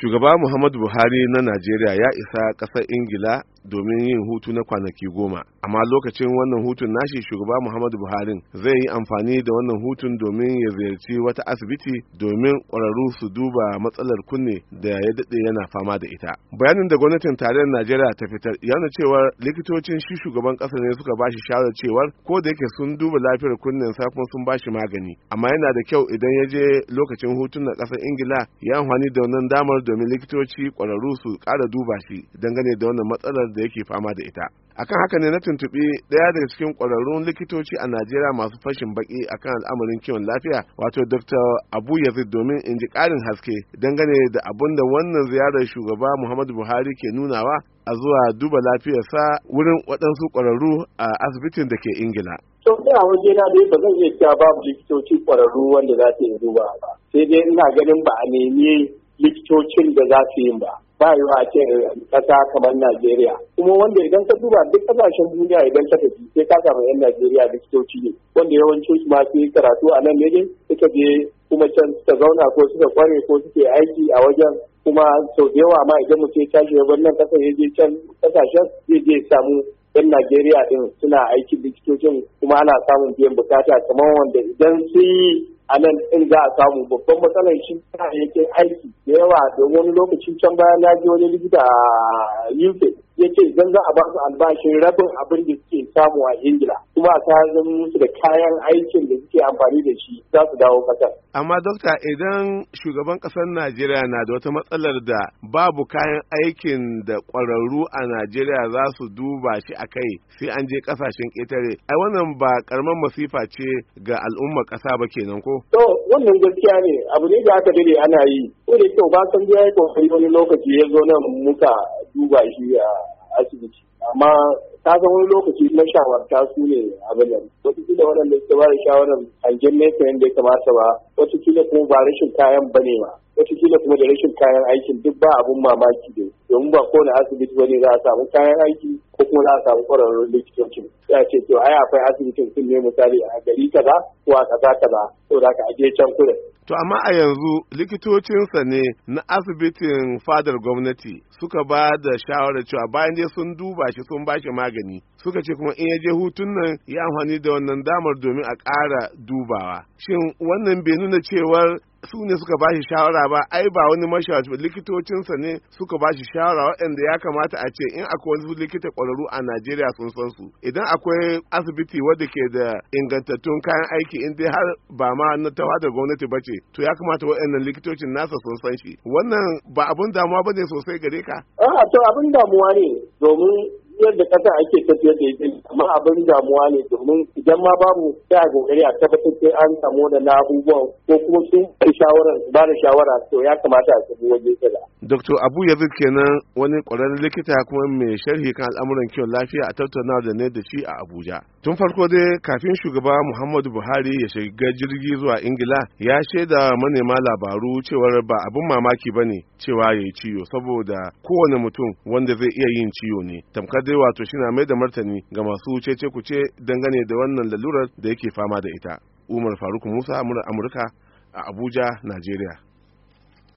shugaba muhammadu buhari na najeriya ya isa ƙasar ingila domin yin hutu na kwanaki goma amma lokacin wannan hutun nashi shugaba muhammadu buhari zai yi amfani da wannan hutun domin ya ziyarci wata asibiti domin ƙwararru su duba matsalar kunne da ya daɗe yana fama da ita bayanin da gwamnatin tarayyar najeriya ta fitar yana cewar likitocin shi shugaban ƙasa ne suka ba shi shawarar cewar ko da yake sun duba lafiyar kunnen sa kuma sun ba shi magani amma yana da kyau idan ya je lokacin hutun na ƙasar ingila ya amfani da wannan damar domin likitoci ƙwararru su ƙara duba shi dangane da wannan matsalar matsalar da yake fama da ita akan haka ne na tuntuɓi ɗaya daga cikin ƙwararrun likitoci a najeriya masu fashin baki akan al'amarin kiwon lafiya wato dr abu yazid domin in ji ƙarin haske dangane da abin da wannan ziyarar shugaba muhammadu buhari ke nunawa a zuwa duba lafiyarsa wurin waɗansu ƙwararru a asibitin da ke ingila to ina waje na dai ba zan iya cewa babu likitoci ƙwararru wanda za su yi duba ba sai dai ina ganin ba a nemi likitocin da za su yi ba ba yiwa a ce eh, ƙasa kamar Najeriya. Kuma wanda idan ka duba duk ƙasashen duniya idan ka tafi sai ka samu 'yan Najeriya likitoci ne. Wanda yawancin su ma su karatu a nan ne suka je kuma can suka zauna ko suka kware ko suke aiki a wajen kuma sau da yawa ma idan mutum ya tashi ya wannan ƙasa ya je can ƙasashen zai je samu 'yan Najeriya ɗin suna aikin likitocin kuma ana samun biyan bukata kamar wanda idan sun yi a nan in za a samu babban matsalar shi yake aiki da yawa da wani lokacin can bayan na wani likita a UK ya ce idan za a ba su albashin rabin abin da samu a ingila kuma ta kayan musu da kayan aikin da suke amfani da shi za su dawo kasar amma dokta idan shugaban ƙasar najeriya na da wata matsalar da babu kayan aikin da ƙwararru a najeriya za su duba shi a kai sai an je ƙasashen ƙetare ai wannan ba ƙaramin masifa ce ga al'ummar ƙasa ba kenan ko to wannan gaskiya ne abu ne da aka dade ana yi ko da kyau ba san biya ya kokari wani lokaci ya zo nan muka duba shi a asibiti amma ta zama wani lokaci mashawarta su ne a bayan wasu kila waɗanda suka ba da shawarar hangen nesa yadda ya kamata ba wasu kila kuma ba rashin kayan ba ne ba wasu kila kuma da rashin kayan aikin duk ba abun mamaki ne domin ba kowane asibiti ba ne za a samu kayan aiki ko kuma za a samu ƙwararrun likitocin ya ce to ai akwai asibitin sun ne misali a gari kaza ko a ƙasa kaza saboda haka a je can kudin To amma a yanzu likitocinsa ne na asibitin fadar gwamnati suka ba da shawarar cewa bayan dai sun duba shi sun ba shi magani suka ce kuma in ya je hutun nan ya amfani da wannan damar domin a ƙara dubawa. Shin wannan bai nuna cewar su ne suka ba shi shawara ba ai ba wani mashawarci likitocinsa ne suka ba shi shawara waɗanda ya kamata a ce in akwai wani likita ƙwararru a Najeriya sun san su idan akwai asibiti wadda ke da ingantattun kayan aiki in dai har ba ma na tawa da gwamnati ba ce to ya kamata waɗannan likitocin nasa sun san shi wannan ba abin damuwa ba ne sosai gare ka. Ah, to abin damuwa ne domin tafiyar da kasa ake tafiyar da ita amma abin damuwa ne domin idan ma babu sai a kokari a tabbatar sai an samu da na abubuwan ko kuma sun shawara ba da shawara to ya kamata a samu waje kaza. Dr. Abu Yazid kenan wani ƙwararren likita kuma mai sharhi kan al'amuran kiwon lafiya a tattaunawa da ne da shi a Abuja. Tun farko dai kafin shugaba Muhammadu Buhari ya shiga jirgi zuwa Ingila ya shaida manema labaru cewar ba abin mamaki ba ne cewa ya yi ciwo saboda kowane mutum wanda zai iya yin ciwo ne. Tamkar dai wato shi na mai da martani ga masu cece kuce dangane da wannan lalurar da yake fama da ita umar faruk musa amurka a abuja najeriya